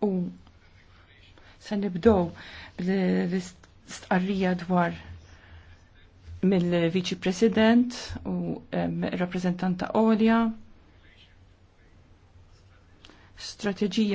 U se nibdow l istqarrija dwar mill-Viċi President u rappresentanta Olja strateġija